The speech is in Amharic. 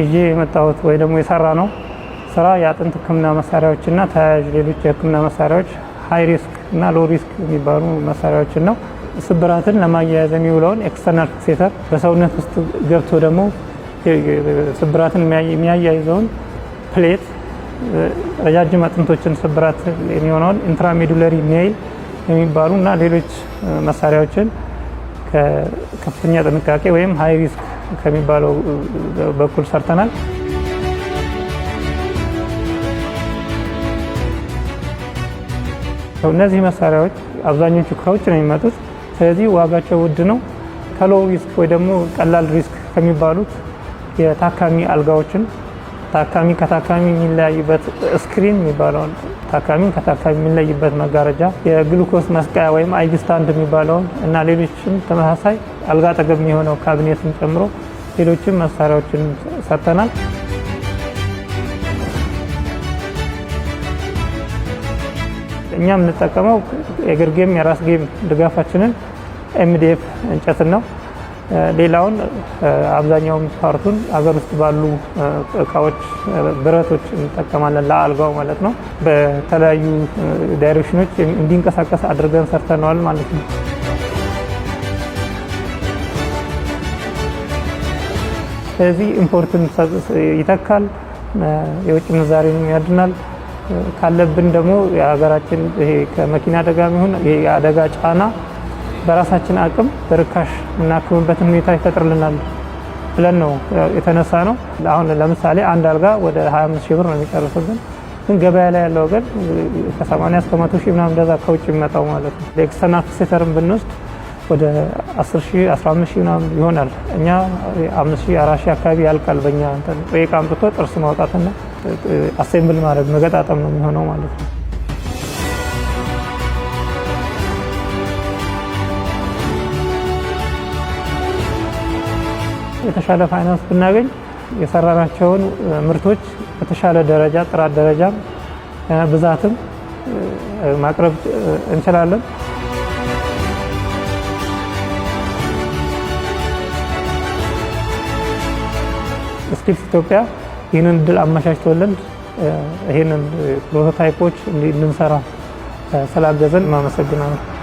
ይዤ የመጣሁት ወይ ደግሞ የሰራ ነው ስራ የአጥንት ህክምና መሳሪያዎችና ተያያዥ ሌሎች የህክምና መሳሪያዎች ሀይ ሪስክ እና ሎ ሪስክ የሚባሉ መሳሪያዎችን ነው። ስብራትን ለማያያዝ የሚውለውን ኤክስተርናል ፊክሴተር በሰውነት ውስጥ ገብቶ ደግሞ ስብራትን የሚያያይዘውን ፕሌት፣ ረጃጅም አጥንቶችን ስብራት የሚሆነውን ኢንትራሜዱለሪ ኔይል የሚባሉ እና ሌሎች መሳሪያዎችን ከከፍተኛ ጥንቃቄ ወይም ሀይ ሪስክ ከሚባለው በኩል ሰርተናል። እነዚህ መሳሪያዎች አብዛኞቹ ከውጭ ነው የሚመጡት። ስለዚህ ዋጋቸው ውድ ነው። ከሎው ሪስክ ወይ ደግሞ ቀላል ሪስክ ከሚባሉት የታካሚ አልጋዎችን ታካሚ ከታካሚ የሚለያይበት ስክሪን የሚባለውን ታካሚ ከታካሚ የሚለይበት መጋረጃ፣ የግሉኮስ መስቀያ ወይም አይቪ ስታንድ የሚባለውን እና ሌሎችም ተመሳሳይ አልጋ አጠገብ የሚሆነው ካቢኔትን ጨምሮ ሌሎችም መሳሪያዎችን ሰርተናል። እኛ የምንጠቀመው የእግር ጌም የራስ ጌም ድጋፋችንን ኤምዲኤፍ እንጨትን ነው። ሌላውን አብዛኛውን ፓርቱን አገር ውስጥ ባሉ እቃዎች ብረቶች እንጠቀማለን፣ ለአልጋው ማለት ነው። በተለያዩ ዳይሬክሽኖች እንዲንቀሳቀስ አድርገን ሰርተነዋል ማለት ነው። ስለዚህ ኢምፖርትን ይተካል፣ የውጭ ምንዛሬንም ያድናል። ካለብን ደግሞ የሀገራችን ከመኪና አደጋ የሚሆን የአደጋ ጫና በራሳችን አቅም በርካሽ የምናክምበትን ሁኔታ ይፈጥርልናል ብለን ነው የተነሳ ነው። አሁን ለምሳሌ አንድ አልጋ ወደ 25 ሺህ ብር ነው የሚጨርስብን፣ ግን ገበያ ላይ ያለው ግን ከ80 እስከ 100 ሺህ ምናምን እንደዛ ከውጭ የሚመጣው ማለት ነው። ለኤክስተርናል ሴተርን ብንወስድ ወደ 10 ሺህ 15 ሺህ ምናምን ይሆናል። እኛ 5 ሺህ 4 ሺህ አካባቢ ያልቃል። በእኛ ጥሬ አምጥቶ ጥርስ ማውጣትና አሴምብል ማድረግ መገጣጠም ነው የሚሆነው ማለት ነው። የተሻለ ፋይናንስ ብናገኝ የሰራናቸውን ምርቶች በተሻለ ደረጃ ጥራት ደረጃም ብዛትም ማቅረብ እንችላለን። ስኪልስ ኢትዮጵያ ይህንን እድል አመቻችቶልን ይህንን ፕሮቶታይፖች እንድንሰራ ስላገዘን ማመሰግናለሁ።